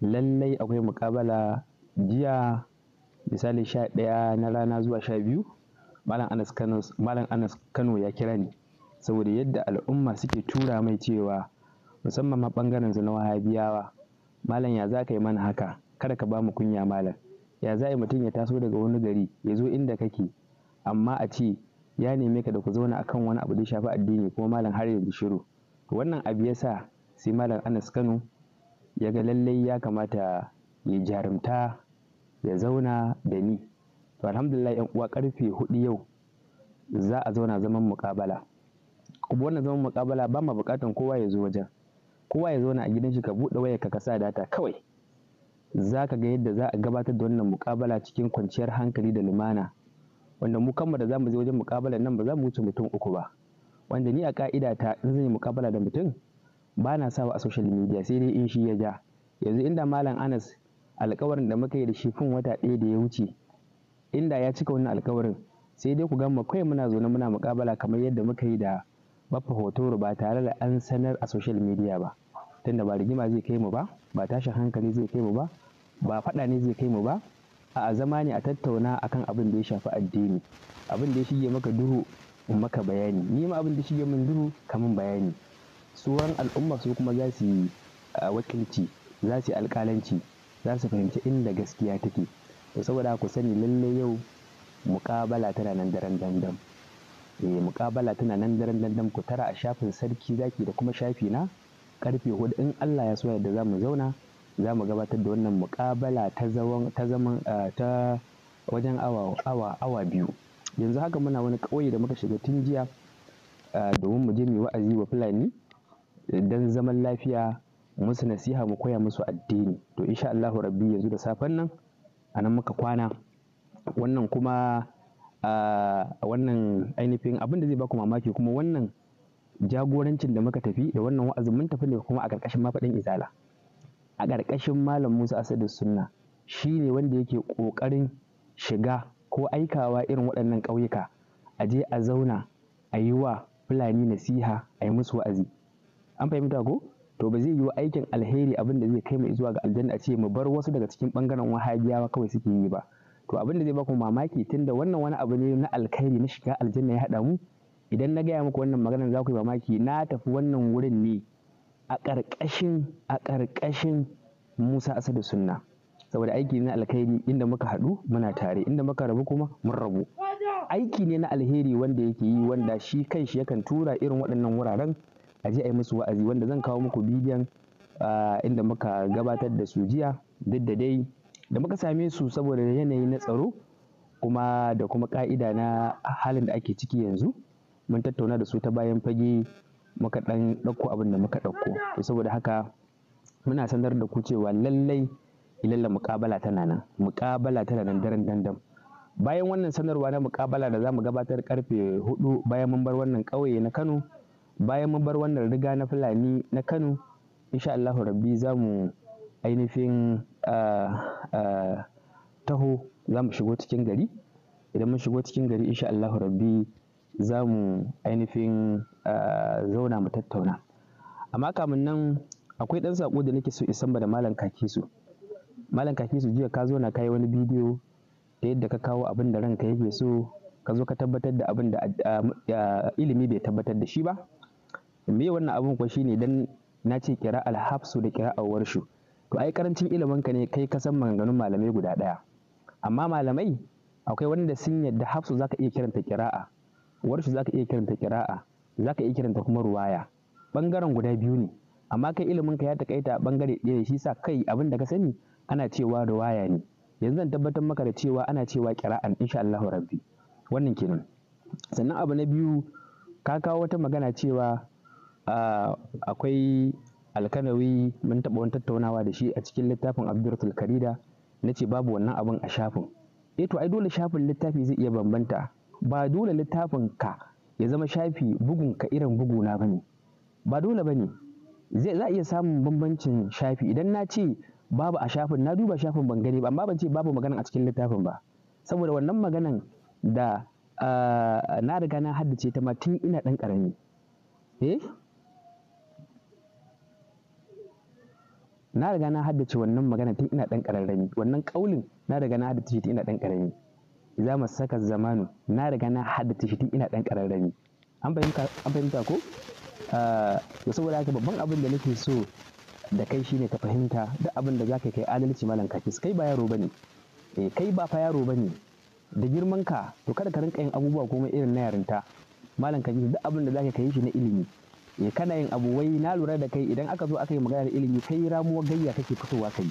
lallai akwai muƙabala jiya misali sha ɗaya na rana zuwa sha biyu malam anas kano ya kira ni saboda yadda al'umma suke tura mai cewa musamman ma ɓangaren su na wahabiyawa malam ya za ka yi mana haka kada ka ba mu kunya malam ya za mutum ya taso daga wani gari ya zo inda kake amma a ce ya neme ka da ku zauna akan wani abu da shafi addini kuma malam har yanzu shiru wannan abu ya sa sai malam anas kano ya ga lallai ya kamata ya jarumta ya zauna da ni to alhamdulillah yan uwa karfe hudu yau za a zauna zaman muƙabala kuma wannan zaman muƙabala ba ma buƙatan kowa ya zo wajen kowa ya zauna a gidan shi ka buɗe wayar ka sa data kawai za ka ga yadda za a gabatar da wannan muƙabala cikin kwanciyar hankali da lumana wanda mu kanmu da za mu je wajen muƙabalar nan ba za mu wuce mutum uku ba wanda ni a ƙa'ida ta in zan yi muƙabala da mutum ba na sawa a social media sai dai in shi ya ja yanzu inda malam anas alkawarin da muka yi da shi fin wata ɗaya da ya wuce inda ya cika wannan alkawarin sai dai ku gama kai muna zaune muna mukabala kamar yadda muka yi da baffa hotoro ba tare da an sanar a social media ba tunda ba rigima zai kai mu ba ba tashin hankali zai kai mu ba ba faɗa ne zai kai mu ba a zama ne a tattauna akan abin da ya shafi addini abin da ya shige maka duhu in maka bayani ni ma abin da shige min duhu kamin bayani sauran al'umma su kuma za su yi wakilci za su yi alƙalanci za su fahimci inda gaskiya take to saboda ku sani lalle yau muƙabala tana nan daren dandam eh muƙabala tana nan daren dandam ku tara a shafin sarki zaki da kuma shafi na karfe hudu in Allah ya so yadda za mu zauna za mu gabatar da wannan muƙabala ta ta wajen awa awa biyu yanzu haka muna wani ƙauye da muka shiga tun jiya domin mu je mu yi wa'azi wa fulani Don zaman lafiya musu nasiha mu koya musu addini to insha Allahu rabbi yanzu da safen nan a nan muka kwana wannan kuma a wannan ainihin abin da zai baku mamaki kuma wannan jagorancin da muka tafi da wannan wa'azin mun tafi ne kuma a ƙarƙashin mafaɗin izala a ƙarƙashin malam Musa Asadu Sunna shi ne wanda yake ƙoƙarin shiga ko aikawa irin waɗannan ƙauyuka a je a zauna a yi wa Fulani nasiha a yi musu wa'azi an fahimta ko to ba zai yi aikin alheri abin da zai kai mu zuwa ga aljanna a ce mu bar wasu daga cikin bangaren wahabiyawa kawai suke yi ba to abin da zai baku mamaki tunda wannan wani abu ne na alkhairi na shiga aljanna ya haɗa mu idan na gaya muku wannan maganar za ku yi mamaki na tafi wannan wurin ne a ƙarƙashin a ƙarƙashin Musa Asadu Sunna saboda aiki ne na alkhairi inda muka haɗu muna tare inda muka rabu kuma mun rabu aiki ne na alheri wanda yake yi wanda shi kanshi yakan tura irin waɗannan wuraren a je a yi musu wa'azi wanda zan kawo muku bidiyon inda muka gabatar da su jiya duk da dai da muka same su saboda yanayi na tsaro kuma da kuma ka'ida na halin da ake ciki yanzu mun tattauna da su ta bayan fage muka ɗan ɗauko abin da muka ɗauko saboda haka muna sanar da ku cewa lallai ilalla muƙabala tana nan muƙabala tana nan daren dandam bayan wannan sanarwa na muƙabala da za mu gabatar karfe hudu bayan mun bar wannan ƙauye na kano bayan mun bar wannan riga na fulani na kano insha allahu rabbi za mu ainihin ah, ah, taho za mu shigo cikin gari idan mun shigo cikin gari insha allahu rabbi za mu ainihin ah, zauna mu tattauna amma kamin nan akwai ɗan saƙo da nake so isan ba da malam kakisu malam kakisu jiya ka zo na kai wani bidiyo ta yadda ka kawo abin da ranka yake so ka zo ka tabbatar da abin da ilimi bai tabbatar da shi ba me wannan abun kuwa ne dan na ce kira hafsu da kira Awarshu, to ai karancin ilimin ka ne kai ka san maganganun malamai guda ɗaya amma malamai akwai wanda sun yadda hafsu zaka iya kiranta kira'a warshu zaka iya kiranta kira'a zaka iya kiranta kuma ruwaya bangaren guda biyu ne amma kai ilimin ka ya takaita bangare ɗaya shi sa kai abin da ka sani ana cewa ruwaya ne yanzu zan tabbatar maka da cewa ana cewa kira'an insha Allah rabbi wannan kenan sannan abu na biyu ka kawo wata magana cewa akwai alkanawi mun taɓa wani tattaunawa da shi a cikin littafin abdurratul karida na ce babu wannan abin a shafin eh to ai dole shafin littafi zai iya bambanta ba dole littafin ka ya zama shafi bugun ka irin buguna ba ne ba dole ba ne za a iya samun bambancin shafi idan na ce babu a shafin na duba shafin ban gani ba amma ban ce babu magana a cikin littafin ba saboda wannan maganan da na riga na haddace ta ma tun ina ɗan ƙarami eh na riga na haddace wannan magana tun ina dan kararrami wannan kaulin na riga na haddace tun ina dan kararrami za mu saka zamanu na riga na haddace shi tun ina dan kararrami an fahimta ko ah, to saboda haka babban abin da nake so da kai shine ka fahimta duk abin da za kai adalci malam kafis kai ba yaro bane eh kai ba fa yaro bane da girman ka to kada ka rinka yin abubuwa kuma irin na yarinta malam kafis duk abin da za kai shi na ilimi kana yin abu wai na lura da kai idan aka zo aka yi da ilimi kai ramuwar gayya kake fitowa kai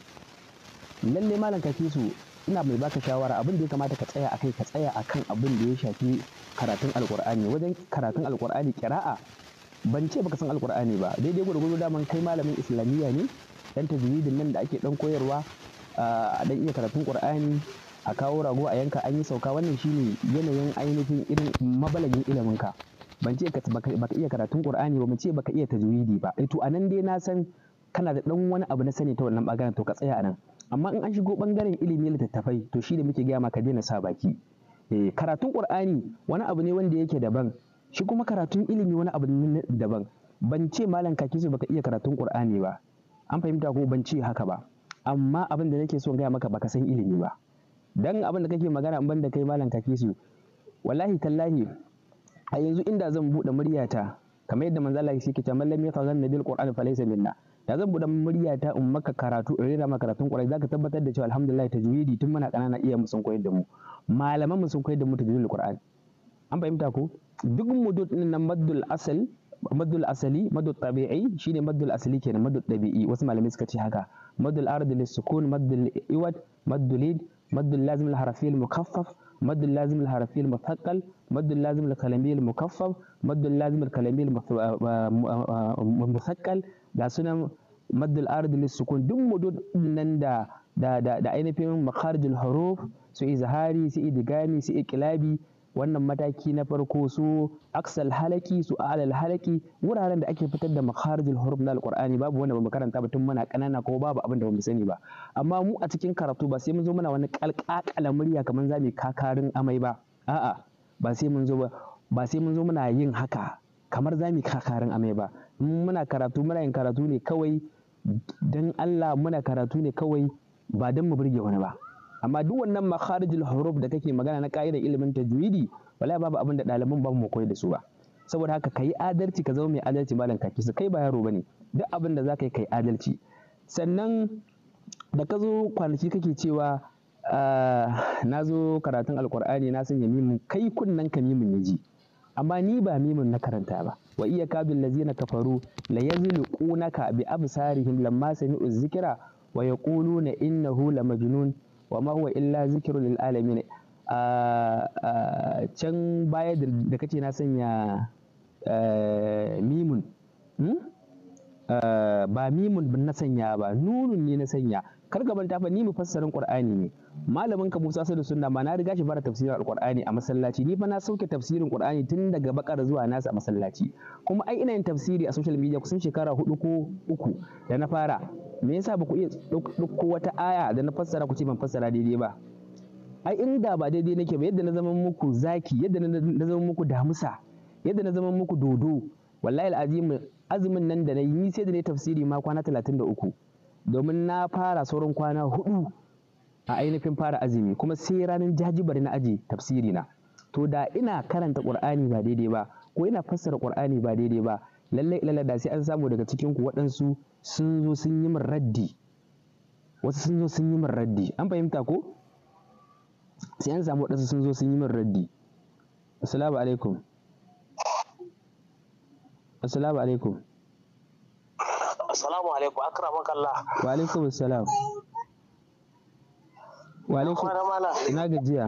lalle malam kafisu ina mai baka shawara abin da ya kamata ka tsaya akai ka tsaya akan abin da ya shafi karatun alkur'ani wajen karatun alkur'ani kira'a ban ce baka san alkur'ani ba daidai gwargwado daman kai malamin islamiyya ne dan tajwidin nan da ake dan koyarwa ah, a dan iya karatun qur'ani a kawo rago a yanka an yi sauka wannan shine yanayin ainihin irin mabalagin ilimin ka ban ce baka iya karatun qur'ani ba mu ce baka iya tajwidi ba eh, to nan dai na san kana da dan wani abu na sani ta wannan bangaren to ka tsaya nan. amma in an shigo bangaren ilimi littattafai to shi da muke gaya maka ka daina sa baki eh karatun qur'ani wani abu ne wanda yake daban shi kuma karatun ilimi wani abu ne daban ban ce malam ba baka iya karatun qur'ani ba an fahimta ko ban ce haka ba amma abin da nake so gaya maka baka san ilimi ba dan abin da kake magana ban da kai malam walahi wallahi tallahi a yanzu inda zan buɗe muryata kamar yadda manzo Allah yake cewa man ka zanna bil fa laysa minna da zan buɗe muryata in maka karatu in rera maka karatun qur'ani zaka tabbatar da cewa alhamdulillah tajwidi tun muna kanana iya mu sun koyar da mu malaman mu sun koyar da mu tajwidul qur'an an fahimta ko duk mudud din nan maddul asal maddul asali maddul tabi'i shine maddul asali kenan maddul tabi'i wasu malamai suka ce haka maddul ardi lis sukun maddul iwad maddul lid maddul lazim al harfi al mukaffaf مد اللازم الحرفي المثقل مد اللازم الكلامي المكفف مد اللازم الكلامي المثقل da sunan مد الارض للسكون duk mudud nan da da da ainihin makarijul huruf su izhari su idgami su iqlabi wannan mataki na farko su aksal halaki su alal halaki wuraren da ake fitar da makharijul huruf na alqur'ani babu wanda bamu karanta ba tun muna kanana ko babu abin da bamu sani ba amma mu a cikin karatu ba sai mun zo muna wani kalkakala murya kamar zamu kakarin amai ba a'a ba sai mun zo ba ba sai mun zo muna yin haka kamar zamu kakarin amai ba muna karatu muna yin karatu ne kawai dan Allah muna karatu ne kawai ba dan mu burge wani ba amma duk wannan makharijul huruf da kake magana na ka'idar ilimin tajwidi wallahi babu abin da ɗaliban ba mu koyi da su ba saboda haka yi adalci ka zama mai adalci malam kaki su kai ba yaro bane duk abin da zaka yi kai adalci sannan da ka zo kwanaki kake cewa ah, na zo karatun alkur'ani na sanya mimin kai kunnen ka mimin ya ji amma ni ba mimin na karanta ba wa iya kabil lazina kafaru la yazliqunaka bi absarihim lamma sami'u zikra wa yaquluna innahu lamajnun wa ma huwa illa zikru lil alamin a can baya da kace na sanya e, mimun hmm? e, ba mimun na sanya ba nunun ne na sanya kar ka manta fa ni mu fassarin qur'ani ne malamin ka Musa da Sunna ma na riga shi fara tafsirin alqur'ani a masallaci ni fa na sauke tafsirin qur'ani tun daga bakar zuwa nasa a masallaci kuma ai ina yin tafsiri a social media kusan shekara hudu ko uku da na fara me yasa ba ku iya ɗauko wata aya da na fassara ku ce ban fassara daidai ba ai in da ba daidai nake ba yadda na zama muku zaki yadda na zama muku damusa yadda na zama muku dodo wallahi al'azim azumin nan da na yi sai da na tafsiri ma kwana 33 domin na fara sauran kwana hudu a ainihin fara azumi kuma sai ranar jajibar na aji tafsiri na to da ina karanta qur'ani ba daidai ba ko ina fassara qur'ani ba daidai ba lallai lallai da sai an samu daga cikin ku waɗansu sun zo sun yi min raddi wasu sun zo sun yi min raddi an fahimta ko sai an samu waɗansu sun zo sun yi min raddi assalamu alaikum assalamu alaikum assalamu alaikum akramaka Allah wa alaikum assalam wa alaikum ina gajiya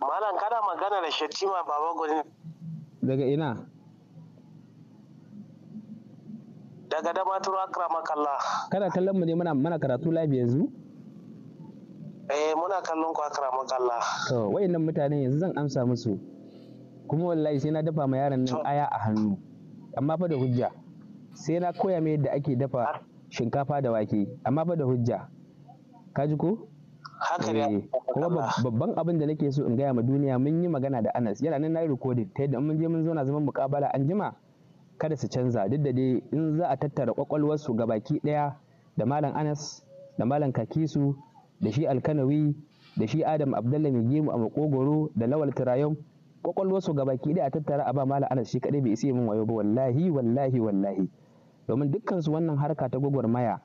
malam kana magana da Shatima Baba gudin daga ina daga damaturu makalla kana kallon mu ne muna mana karatu live yanzu eh muna kallon ku makalla to wayannan mutane yanzu zan amsa musu kuma wallahi sai na dafa ma yaran nan aya a hannu amma fa da hujja sai na koya mai yadda ake dafa ah. shinkafa da wake amma fa da hujja ka ji ko haka ne eh, kuma babban abin da nake so in gaya ma duniya mun yi magana da Anas yana nan na yi recording ta yadda mun je mun zauna zaman mukabala an jima kada su canza duk da dai in za a tattara kwakwalwarsu ga baki ɗaya da malam anas da malam kakisu da shi alkanawi da shi adam abdalla mai gemu a makogoro da lawal tirayon kwakwalwarsu ga baki ɗaya a tattara a ba malam anas shi kaɗai bai isa min wayo ba wallahi wallahi wallahi domin dukkansu wannan harka ta gwagwarmaya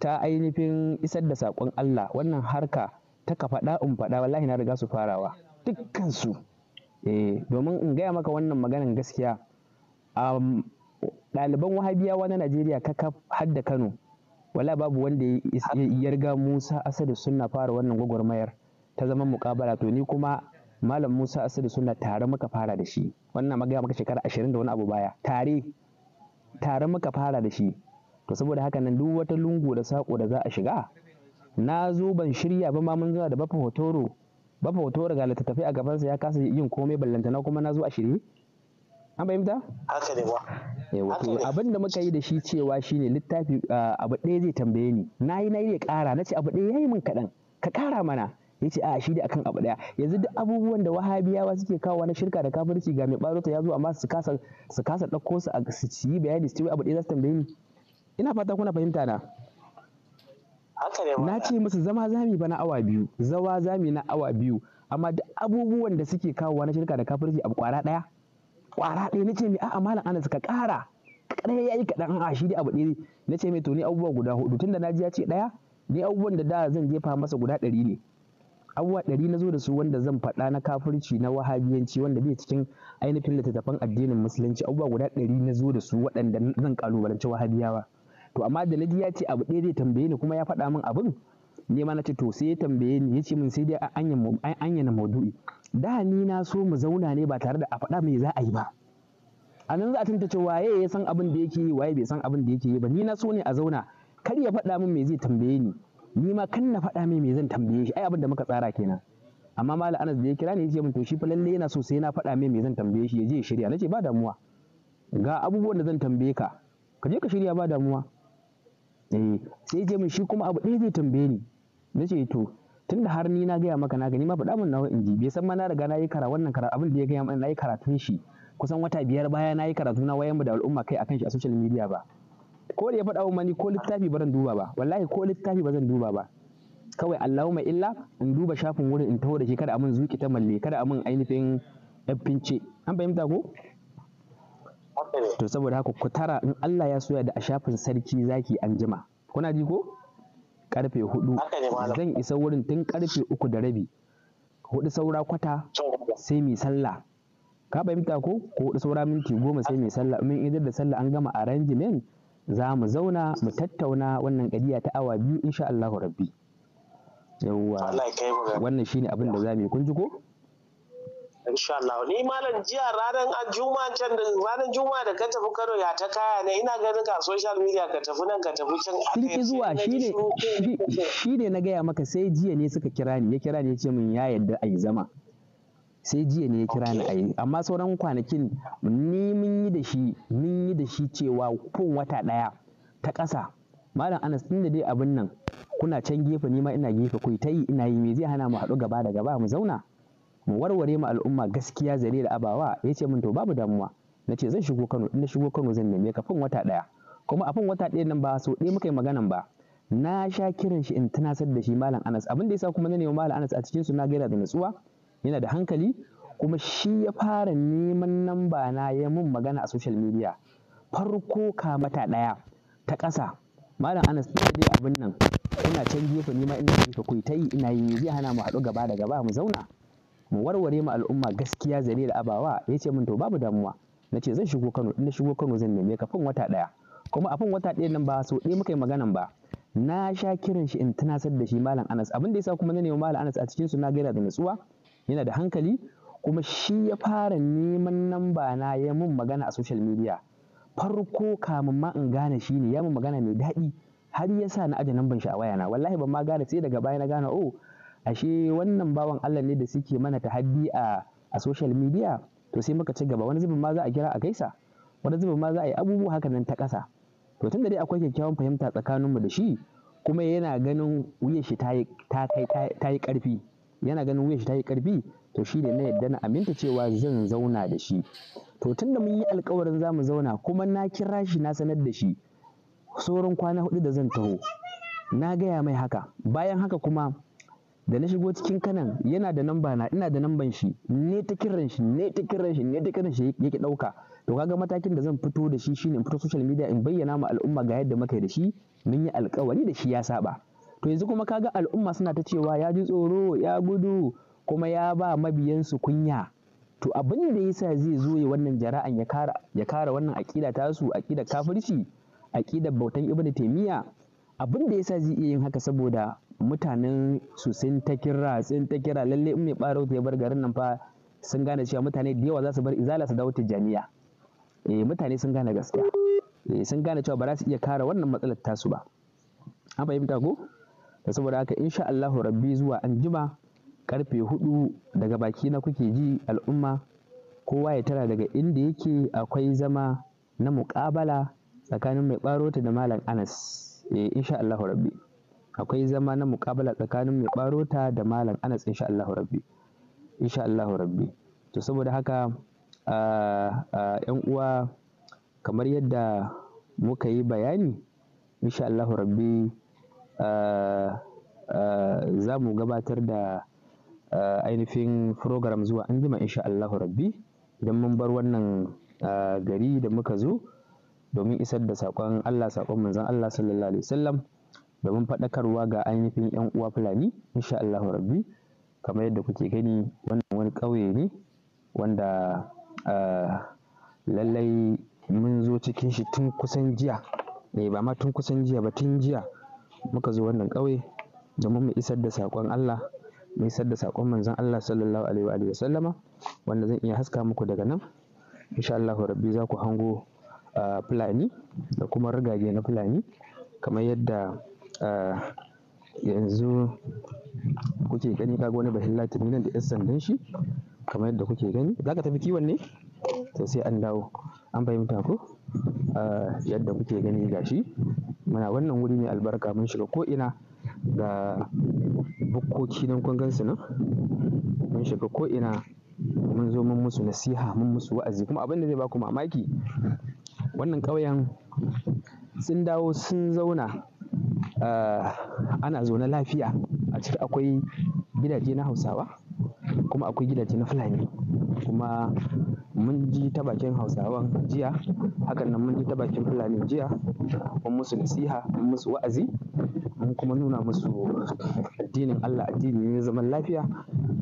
ta ainihin isar da saƙon Allah wannan harka ta ka faɗa in faɗa wallahi na riga su farawa dukkansu eh, domin in gaya maka wannan maganan gaskiya ɗaliban wahabiyawa na najeriya kakaf har da kano wala babu wanda ya yarga musa asadu sunna fara wannan gwagwarmayar ta zaman mukabala to ni kuma malam musa asadu sunna tare muka fara da shi wannan magana maka shekara ashirin da wani abu baya tare tare muka fara da shi to saboda haka nan duk wata lungu da sako da za a shiga na zo ban shirya ba ma mun zuwa da bafa hotoro bafa hotoro ga littattafai a gabansa ya kasa yin komai ballantana kuma na zo a shirye an fahimta haka ne yawa yawon abin da muka yi da shi cewa shine littafi abu ɗaya zai tambaye ni na yi na yi ƙara na ce abu ɗaya yi min kaɗan ka ƙara mana ya ce a shi da akan abu ɗaya yanzu duk abubuwan da wahabiyawa suke kawo na shirka da kafirci ga mai ɓarota ya zo amma su kasa su kasa ɗauko su su ci bayani su ce abu ɗaya za su tambaye ni ina fata kuna fahimta na na ce musu zama zami ba na awa biyu zawa zami na awa biyu amma duk abubuwan da suke kawo na shirka da kafirci abu kwara ɗaya kwara ɗaya nace mai a'a malam anas ka ƙara ɗaya ya yi kaɗan a shi dai abu ɗaya na ce mai to ni abubuwa guda hudu tunda na ji ya ce ɗaya ni abubuwan da da zan jefa masa guda ɗari ne abubuwa ɗari na zo da su wanda zan faɗa na kafirci na wahabiyanci wanda bai cikin ainihin littattafan addinin musulunci abubuwa guda ɗari na zo da su waɗanda zan kalubalanci wahabiyawa to amma da na ji ya ce abu ɗaya zai tambaye ni kuma ya faɗa min abin ni ma na ce to sai ya tambaye ni ya ce min sai dai an anyana maudu'i da ni na so mu zauna ne ba tare da a faɗa me za a yi ba a nan za a tantace waye ya san abin da yake yi waye bai san abin da yake yi ba ni na so ne a zauna kar ya faɗa min me zai tambaye ni ni ma kan na faɗa min me zan tambaye shi ai abin da muka tsara kenan amma malam Anas da ya kira ni ya ce min to shi fa lalle yana so sai na faɗa min me zan tambaye shi ya je ya shirya nace ba damuwa ga abubuwan da zan tambaye ka ka je ka shirya ba damuwa eh sai ya ce min shi kuma abu ɗaya zai tambaye ni na ce to da har ni na gaya maka na gani ma faɗa min nawa in bai san ma na riga na yi kara wannan kara abin da ya gaya min na yi karatun shi kusan wata biyar baya na yi karatu na wayan mu da al'umma kai akan shi a social media ba ko da ya faɗa min ni ko littafi ba zan duba ba wallahi ko littafi ba zan duba ba kawai Allahumma illa in duba shafin wurin in taho da shi kada amin zuki ta malle kada amin ainihin fince an fahimta ko to saboda haka ku tara in Allah ya soya da a shafin sarki zaki anjima kuna ji ko karfe hudu zan isa wurin tun karfe uku da rabi hudu saura kwata sai mai sallah ka fahimta ko ko hudu saura minti goma sai mai sallah min idar da salla an gama arrangement za mu zauna mu tattauna wannan kadiya ta awa biyu insha Allahu rabbi yawwa wannan shine abin da za mu yi kun ji ko inshallah ni malam jiya ranar juma'a can da ranar juma da ka tafi Kano ya ta kaya ne ina ganin ga social media ka tafi nan ka tafi can kirki zuwa shine shine na gaya maka sai jiya ne suka kira ni ya kira ni ya ce min ya yadda a yi zama sai jiya ne ya kira ni a amma sauran kwanakin ni mun yi da shi mun yi da shi cewa kun wata daya ta ƙasa malam anas tun da dai abin nan kuna can gefe ni ma ina gefe ku ta yi ina yi me zai hana mu haɗu gaba da gaba mu zauna mu warware ma al'umma gaskiya zare da abawa ya ce min to babu damuwa na ce zan shigo kano in na shigo kano zan neme ka fin wata ɗaya kuma a fin wata ɗaya nan ba so ɗaya muka yi maganan ba na sha kiran shi in tunasar da shi malam anas abin da yasa kuma na nemi malam anas a cikin su na gaira da natsuwa yana da hankali kuma shi ya fara neman namba na ya mun magana a social media farko ka mata ɗaya ta ƙasa malam anas ɗaya dai abin nan ina can gefe ni ma ina gefe ku ta yi ina yi zai hana mu haɗu gaba da gaba mu zauna mu warware ma al'umma gaskiya zane da abawa ya ce min to babu damuwa na ce zan shigo kano in na shigo kano zan neme ka fin wata ɗaya kuma a fin wata ɗaya nan ba so ɗaya muka yi maganan ba na sha kiran shi in tunasar da shi malam anas abin da sa kuma na nemi malam anas a cikin su na gaira da natsuwa yana da hankali kuma shi ya fara neman namba na ya mun magana a social media farko kamun ma in gane shi ne ya mun magana mai daɗi har ya sa na aje namban shi a wayana wallahi ban ma gane sai daga baya na gane oh ashe wannan bawan Allah ne da suke mana tahaddi a a social media to sai muka ci gaba wani zubin ma za a kira a gaisa wani zubin ma za a yi abubuwa haka nan ta ƙasa to tunda dai akwai kyakkyawan fahimta tsakaninmu da shi kuma yana ganin wuyan shi ta yi ƙarfi yana ganin wuyan shi ta yi ƙarfi to shi ne na yadda na aminta cewa zan zauna da shi to tunda mun yi alkawarin za mu zauna kuma na kira shi na sanar da shi sauran kwana hudu da zan taho na gaya mai haka bayan haka kuma da na shigo cikin kanan yana da namba na ina da namban shi ne ta kiran shi ne ta kiran shi ne ta kiran shi yake dauka to kaga matakin da zan fito da shi shine in fito social media in bayyana ma al'umma ga yadda muka yi da shi mun yi alkawari da shi ya saba to yanzu kuma kaga al'umma suna ta cewa ya ji tsoro ya gudu kuma ya ba mabiyan su kunya to abin da yasa zai zo ya wannan jara'an ya kara ya kara wannan aqida tasu aqida kafirci aqidar bautan ibnu taymiya abin da yasa zai iya yin haka saboda mutanen su sun ta kira sun ta kira lalle in mai ɓarau ya bar garin nan fa sun gane cewa mutane da yawa za su bar izala su dawo tijjaniya eh mutane sun gane gaskiya eh sun gane cewa ba za su iya kare wannan matsalar tasu ba an fahimta ko da saboda haka insha Allahu rabbi zuwa anjima karfe hudu daga baki na kuke ji al'umma kowa ya tara daga inda yake akwai zama na muƙabala tsakanin mai ta da malam anas eh insha Allahu rabbi akwai zama na muƙabala tsakanin mai ɓaro ta da malam anas insha Allahu rabbi insha Allahu rabbi to saboda haka yan uwa kamar yadda muka yi bayani insha Allahu rabbi za mu gabatar da ainihin program zuwa anjima insha Allahu rabbi idan mun bar wannan gari da muka zo domin isar da saƙon Allah saƙon manzon Allah sallallahu alaihi wasallam domin faɗakarwa ga ainihin yan uwa fulani insha Allahu rabbi kamar yadda kuke gani wannan wani ƙauye ne wanda ah, lallai mun zo cikin shi tun kusan jiya ne eh, ba ma tun kusan jiya ba tun jiya muka zo wannan ƙauye domin mu isar da saƙon Allah mu isar da saƙon manzon Allah sallallahu alaihi wa sallama wanda zan iya haska muku daga nan insha Allahu rabbi za ku hango ah, fulani da kuma rigage na fulani kamar yadda Ah, yanzu kuke gani kaga wani latin nan da yan sandan shi kamar yadda kuke gani za ka tafi kiwon ne to sai an dawo an fahimta ko ah, yadda kuke gani gashi muna wannan wuri ne albarka mun shiga ko ina ga bukkoki nan kun gansu nan mun shiga ko ina mun zo mun musu nasiha mun musu wa'azi kuma abin da zai baku mamaki wannan ƙauyen sun dawo sun zauna Ah, ana zaune lafiya a ciki akwai gidaje na hausawa kuma akwai gidaje na fulani kuma mun ji ta bakin hausawan jiya hakan nan mun ji ta bakin fulani jiya mun musu nasiha mun musu wa'azi mun kuma nuna musu addinin Allah addini ne zaman lafiya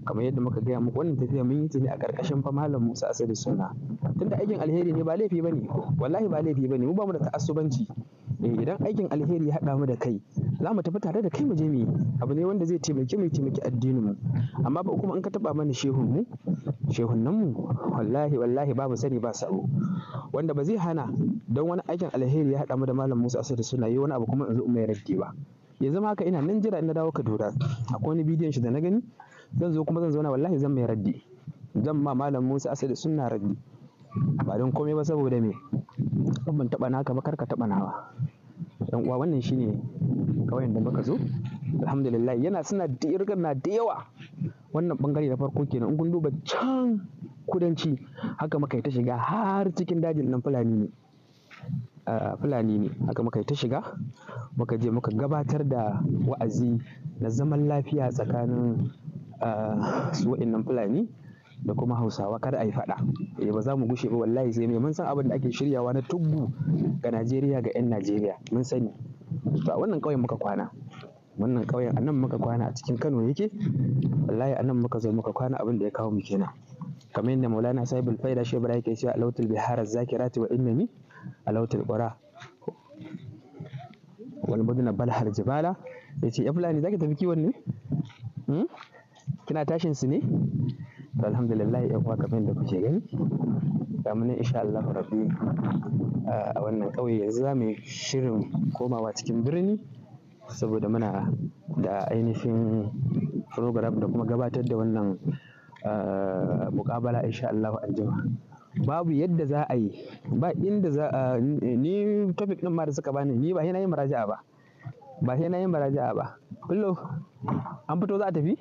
kamar yadda muka gaya muku wannan tafiya mun yi ta ne a ƙarƙashin fa malam Musa Asadu Sunna tunda aikin alheri ne ba laifi bane wallahi ba laifi bane mu ba mu da ta'assubanci Eh, idan aikin alheri ya haɗa mu da kai za mu tafi tare da kai mu je mu abu ne wanda zai taimake mu taimaki addinin mu amma ba kuma in ka taba mana shehun mu shehun nan mu wallahi wallahi babu sani ba sabo wanda ba zai hana don wani aikin alheri ya haɗa mu da malam Musa Asadu suna yi wani abu kuma in zo mai raddi ba ya zama haka ina nan jira ina dawo Kaduna akwai wani bidiyon shi da na gani zan zo kuma zan zauna wallahi zan mai raddi zan ma malam Musa Asadu suna raddi ba don komai ba saboda me in ban taɓa naka ba kar ka taɓa nawa yan uwa wannan shine kawai da muka zo alhamdulillah yana suna da irgan na da yawa wannan bangare na farko kenan in kun duba can kudanci haka muka yi ta shiga har cikin dajin nan fulani ne fulani ne haka muka yi ta shiga muka je muka gabatar da wa'azi na zaman lafiya tsakanin su wa'innan fulani da kuma hausawa kada a yi faɗa eh, ba za mu gushe ba wallahi sai mai mun san abin da ake shiryawa na tuggu ga najeriya ga 'yan najeriya mun sani to a wannan ƙauyen muka kwana wannan ƙauyen anan muka kwana a cikin kano yake wallahi anan muka zo muka kwana abin da ya kawo mu kenan kamar yadda maulana sahibul faida shi ibrahim ke cewa alautul bihar zakirati wa innami alautul qura wal mudna bal har jibala yace ya fulani ki tafi kiwon ne hmm? kina tashin su ne to alhamdulillah yan uwa kamar da kuke gani ga mu nan insha Allah rabbi a wannan ƙauye yanzu za mu shirin komawa cikin birni saboda muna da ainihin program da kuma gabatar da wannan mukabala insha Allah anjima babu yadda za a yi ba inda za a ni topic din ma da suka bani ni ba yana yin maraja'a ba ba sai na yin maraja'a ba kullo an fito za a tafi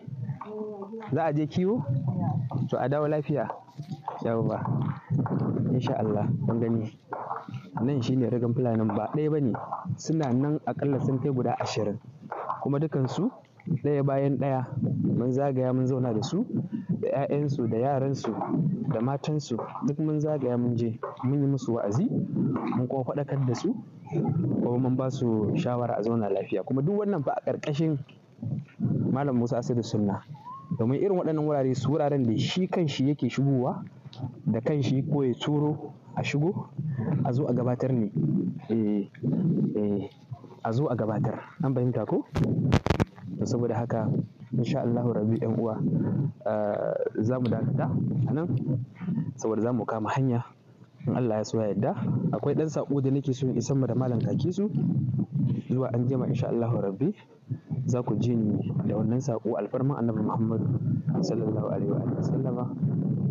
za a je kiwo to a dawo lafiya yawwa insha Allah kun gani nan shine rigan fulanin ba ɗaya bane suna nan akalla sun kai guda ashirin kuma dukansu ɗaya bayan ɗaya mun zagaya mun zauna da su da 'ya'yansu da yaransu da matansu duk mun zagaya mun je mun yi musu wa'azi mun kuma faɗakar da su kuma mun ba su shawara a zauna lafiya kuma duk wannan fa a ƙarƙashin malam musa da sunna domin irin waɗannan wurare su wuraren da shi kan shi yake shigowa da kan shi ko ya turo a shigo a zo a gabatar ne eh, eh, a zo a gabatar an fahimta ko da saboda haka insha Allah rabi yan uwa eh, za mu dakata a nan saboda za mu kama hanya in Allah ya so ya yarda akwai ɗan saƙo da nake so in isar da malam kake su zuwa an jima insha Allah rabi za ku ji ni da wannan saƙo alfarman annabi muhammadu sallallahu alaihi wa sallama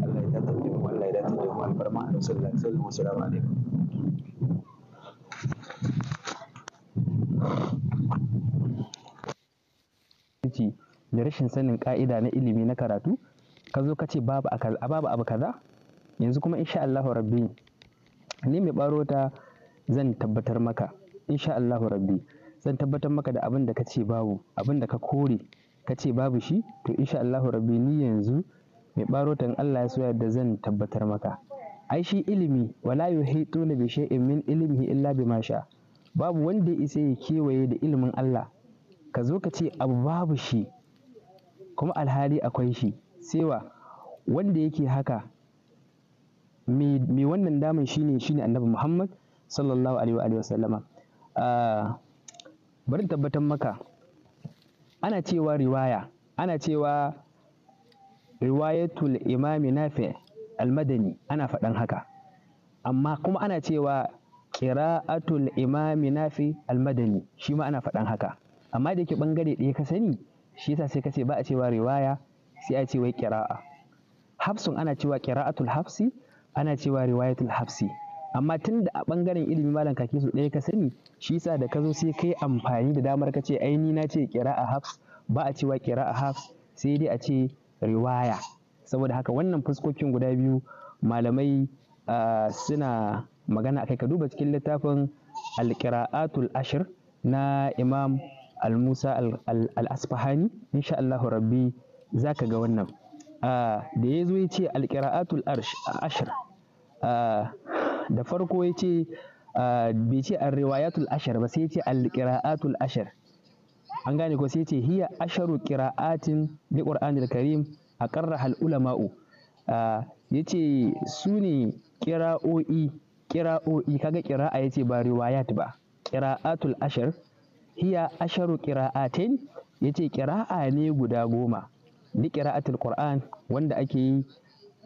Allah ya dace da mu Allah ya dace da mu alfarman annabi sallallahu alaihi wa sallam assalamu alaikum da rashin sanin ka'ida na ilimi na karatu ka zo ka ce babu abu kaza yanzu kuma insha Allah rabbi ni mai baro ta zan tabbatar maka insha Allah rabbi zan tabbatar maka da abin da ka ce babu abin da ka kore ka ce babu shi to insha Allahu rabbi ni yanzu mai barotan Allah ya so yadda zan tabbatar maka ai shi ilimi wala yuhituna bi shay'in min ilmihi illa bima sha babu wanda ya isa ya kewaye da ilimin Allah ka zo ka ce abu babu shi kuma alhali akwai shi sewa wanda yake haka mai wannan daman shine shine annabi Muhammad sallallahu alaihi wa sallama ah, bari tabbatar maka ana cewa riwaya ana cewa riwayatul imami nafi almadani ana faɗan haka amma kuma ana cewa ƙira'atul imami nafi almadani shi ma ana faɗan haka amma da yake ɓangare ɗaya ka sani shi yasa sai ka ce ba a cewa riwaya sai a ce wai kiraa hafsun ana cewa ƙira'atul hafsi ana cewa riwayatul hafsi amma tun da a ɓangaren ilimi malam kake su ɗaya ka sani shi yasa da ka zo sai kai amfani da damar ka ce ai ni na ce kira a hafs ba a cewa kira a hafs sai dai a ce riwaya saboda haka wannan fuskokin guda biyu malamai suna magana akai ka duba cikin littafin alƙira'atul ashir na imam almusa musa al-asfahani insha Allahu rabbi zaka ga wannan da ya zo ya ce alƙira'atul ashir da farko ya ce ah, bai ce riwayatul ashar ba sai ya ce al-qira'atul ashar an gane ko sai ya ce hiya asharu qira'atin li qur'anil karim aqarraha al-ulama'u ah, ya ce su ne kira'o'i kira'o'i kaga kira'a ya ce ba riwayat ba kira'atul ashar hiya asharu kira'atin ya ce kira'a ne guda goma li kira'atul qur'an wanda ake yi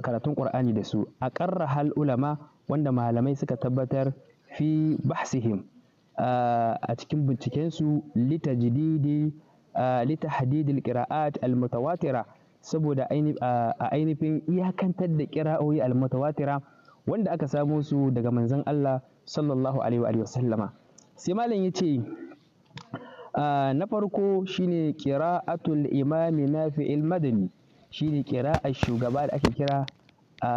karatun qur'ani da su a ƙarra ulama wanda malamai suka tabbatar fi bahsihim a cikin binciken bincikensu litajdidi litahdidil qira'at almutawatira saboda a ainihin iyakantar da qira'o'i almutawatira wanda aka samo su daga manzon Allah sallallahu alaihi wa sallama sai malam yace na farko shine qira'atul imami nafi'il madani shine qira'ar shugaba da ake kira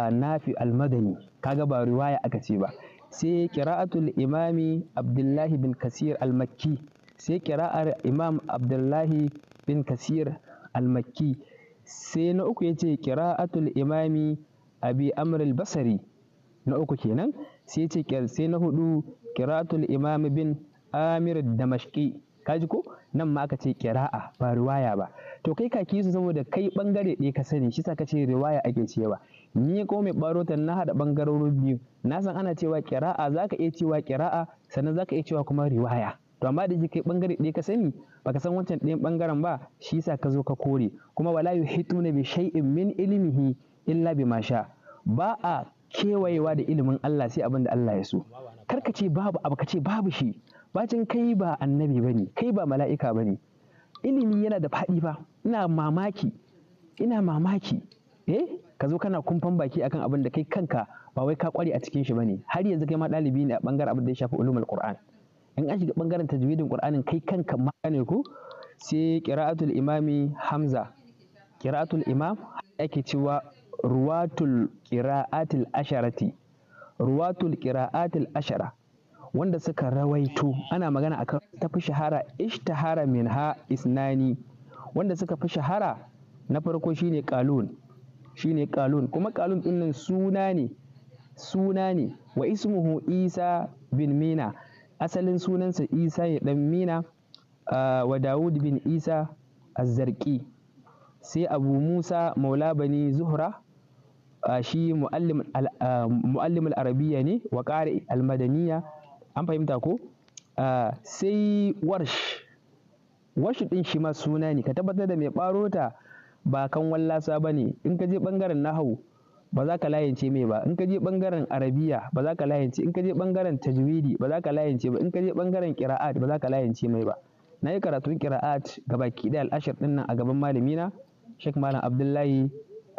nafi'al madani kaga ba riwaya aka ce ba sai qira'atul imami abdullahi bin kasir al-makki sai qira'ar imam abdullahi bin kasir al-makki sai na uku yace qira'atul imami abi amr al-basri na uku kenan sai yace sai na hudu qira'atul imami bin amir damashqi kaji ko nan ma aka ce qira'a ba riwaya ba to kai kaki su saboda kai bangare ɗaya ka sani shi sa ka ce riwaya ake cewa ni ko mai ta na haɗa ɓangarorin biyu na san ana cewa kira'a za ka iya cewa kira'a sannan za ka iya cewa kuma riwaya to amma da kai bangare ɗaya ka sani baka san wancan ɗayan ɓangaren ba shi yasa ka zo ka kore kuma wala yuhituna bi shay'in min ilmihi illa bima sha ba a kewayewa da ilimin Allah sai abin da Allah ya so kar ka ce babu abu ka ce babu shi bacin kai ba annabi bane kai ba mala'ika bane ilimi yana da faɗi ba. ina mamaki ina mamaki eh ka zo kana kumfan baki akan abin da kai kanka ba wai ka kware a cikin shi bane har yanzu kai ma dalibi ne a bangaren abin da ya shafi ulumul qur'an in an shiga bangaren tajwidin qur'anin kai kanka ma ne ko sai qira'atul imami hamza qira'atul imam ake cewa ruwatul qira'atil asharati ruwatul qira'atil ashara wanda suka rawaito ana magana akan tafi shahara ishtahara minha isnani wanda suka fi shahara na farko shine qalun shine kalun kuma kalun din nan suna ne suna ne wa ismuhu isa bin mina asalin sunansa isa ya dan mina ah, wa dawud bin isa azzarki sai abu musa maula bani zuhra ah, shi ah, muallim al-arabiya ne wa qari al an fahimta ko sai warsh warsh din shi ma suna ne ka tabbatar da mai ɓarota ba kan wallasa ba ne in ka je ɓangaren nahau ba za ka layance mai ba in ka je ɓangaren arabiya ba za ka layance in ka je ɓangaren tajwidi ba za ka layance ba in ka je ɓangaren ƙira'at ba za ka layance mai ba na yi karatun ƙira'at ga baki ɗaya al'ashir ɗin nan a gaban malamina shek malam abdullahi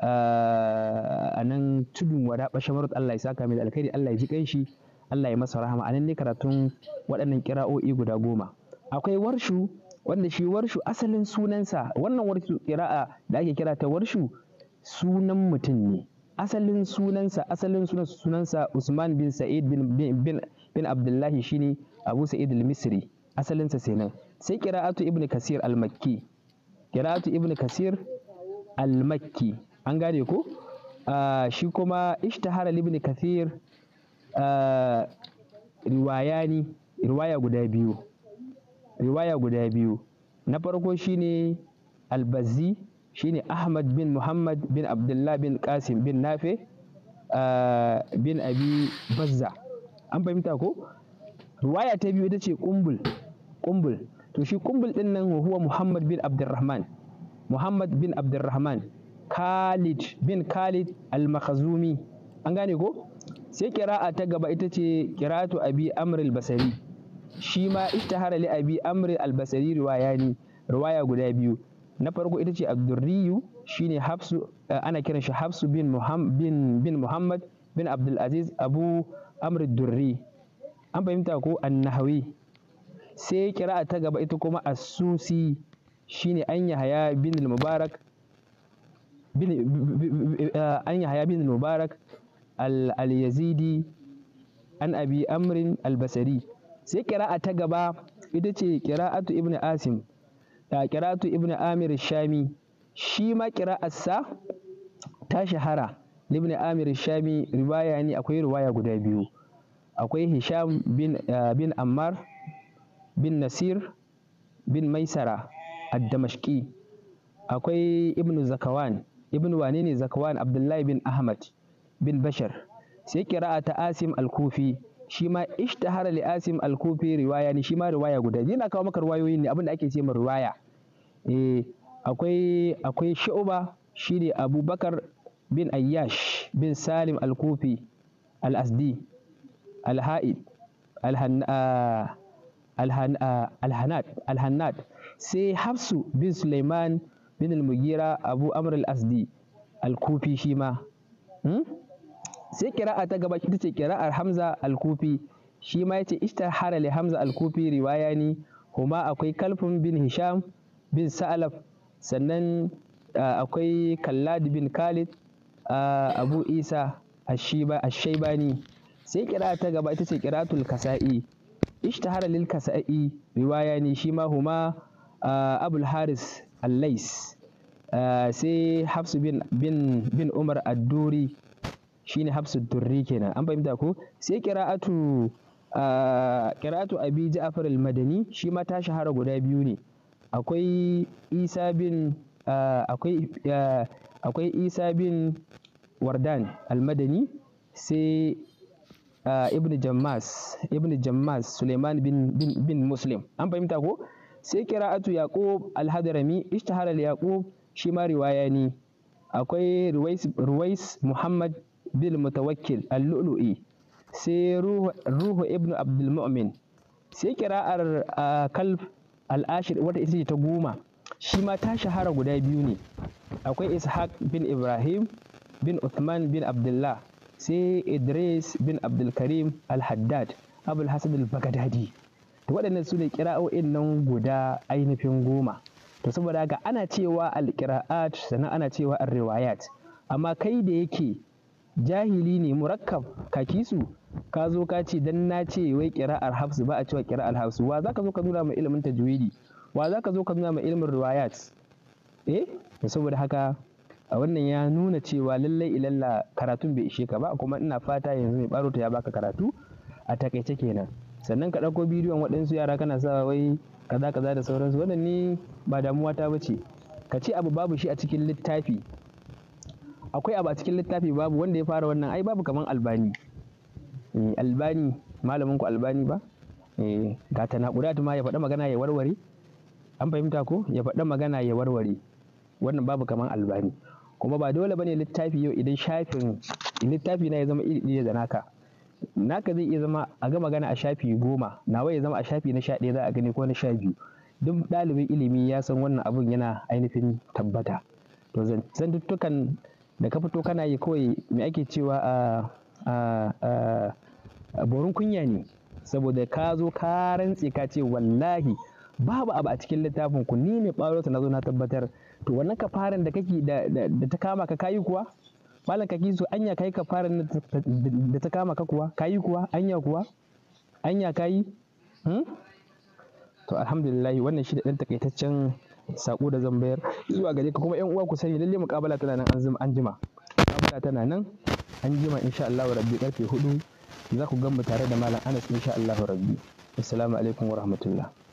ah, a nan tudun wada marut allah ya saka mai da alkhairi allah ya ji kanshi allah ya masa rahama a nan ne karatun waɗannan ƙira'o'i guda goma akwai warshu wanda shi warshu asalin sunansa wannan warshu kira'a da ake kira ta warshu sunan mutum ne asalin sunansa asalin sunansa, sunansa Usman bin Sa'id bin, bin, bin, ne shine Abu Sa'id al-Misri asalinsa kenan sai qira'atu Ibn Kasir al-Makki qira'atu Ibn Kasir al-Makki an gane ko ah, shi kuma ishtahara Ibn Kasir uh, ne riwaya guda biyu riwaya guda biyu na farko shine albazi shine ahmad bin muhammad bin abdullah bin qasim bin nafe ah, bin abi bazza an fahimta ko riwaya ta biyu ita ce kumbul kumbul to shi kumbul din nan huwa muhammad bin abdurrahman muhammad bin abdurrahman khalid bin khalid al-makhazumi an gane ko sai kira'a ta gaba ita ce kiratu abi amr al shi ma ishtahara li abi amr al-basri riwayani riwaya guda biyu na farko ita ce abdurriyu shine hafsu eh, ana kiran shi hafsu bin muhammad bin abdulaziz abu amr durri an fahimta ko annahawi sai kira'a ta gaba ita kuma asusi shine an yahaya bin mubarak eh, an yahaya bin mubarak al-yazidi an abi amrin al sai ƙira'a ta gaba ita ce ƙira'atu ibn asim da ƙira'atu ibn amir shami shi ma sa ta shahara ibn amir shami riwaya ne akwai riwaya guda biyu akwai hisham eh, bin, ammar bin nasir bin maisara ad-damashqi akwai ibn zakawan ibn wane ne zakawan abdullahi bin ahmad bin bashar sai ƙira'a ta asim al-kufi shi ma ishtahara li asim al-kufi riwaya ne shi ma riwaya guda biyu na kawo maka riwayoyin ne abin ake ce ma riwaya eh akwai akwai shu'ba shine abubakar bin ayyash bin salim al-kufi al-asdi al-ha'id al ah, ah, al-hanad sai hafsu bin suleiman bin al-mugira abu amr al-asdi al-kufi shi ma hmm? sai kira'a ta gaba ita ce kira'ar hamza al-kufi shi ma yace ishtahara li hamza al-kufi ne kuma akwai kalfun bin hisham bin sa'alaf sannan akwai kallad bin khalid abu isa ashaibani sai kira'a ta gaba ita ce kira'atul kasa'i ishtahara lil kasa'i riwaya ne, shi ma huma abul haris al-lais sai hafsu bin umar ad-duri shine hafsu durri kenan an fahimta ko sai qira'atu qira'atu abi ja'far al-madani shi ma ta shahara guda biyu ne akwai isa bin akwai akwai isa bin wardan al-madani sai ibn jammas ibn jammas suleiman bin, bin, bin muslim an fahimta ko sai qira'atu yaqub al-hadrami ishtahara al-yaqub shi ma riwaya ne akwai ruwais, ruwais muhammad bil mutawakkil al-lu'lu'i sai ruhu ibnu abdul mu'min sai kira'ar kalf al-ashir wata ita ta goma shi ma ta shahara guda biyu ne akwai ishaq bin ibrahim bin uthman bin abdullah sai idris bin abdulkarim al-haddad abul hasan al-bagadadi to waɗannan su ne kira'o'in nan guda ainihin goma to saboda ga ana cewa al-qira'at sannan ana cewa al-riwayat amma kai da yake jahili ne murakkab kakisu ka zo ka ce dan na ce wai kira'ar hafsu ba a cewa kira'ar hafsu wa zaka zo ka nuna ma ilimin tajwidi wa zaka zo ka nuna ma ilimin riwayat eh saboda haka a wannan ya nuna cewa lallai ilalla karatun bai ishe ka ba kuma ina fata yanzu mai ta ya baka karatu a takaice kenan sannan ka dauko bidiyon waɗansu yara kana sa wai kaza kaza da sauransu wannan ni ba damuwa ta bace ka ce abu babu shi a cikin littafi akwai abu a cikin littafi babu wanda ya fara wannan ai babu kaman albani eh albani malamin ku albani ba eh ga ta naƙudat ma ya faɗa magana ya warware an fahimta ko ya faɗa magana ya warware wannan babu kaman albani kuma ba dole bane littafi yau idan shafin littafi na ya zama iri ɗaya da naka naka zai iya zama a ga magana a shafi goma nawa ya zama a shafi na sha ɗaya za a gani ko na sha biyu duk ɗalibin ilimi ya san wannan abun yana ainihin tabbata to zan zantuttukan da ka fito kana yi kawai me ake cewa a a a borin kunya ne saboda ka zo ka rantse ka ce wallahi babu abu a cikin littafin ku ni ne ɓaro ta nazo na tabbatar to wannan kafaran da kake da ta kama ka kayi kuwa malam kaki so anya kai kafaran da ta kama ka kuwa kayi kuwa anya kuwa anya kayi hmm? to alhamdulillah wannan shi da dan takaitaccen saƙo da zan bayar zuwa gare ka kuma yan uwa ku sani lalle muƙabala tana nan an anjima muƙabala tana nan anjima jima insha Allah rabbi karfe 4 za ku gan tare da malam Anas insha Allah rabbi assalamu alaikum wa rahmatullah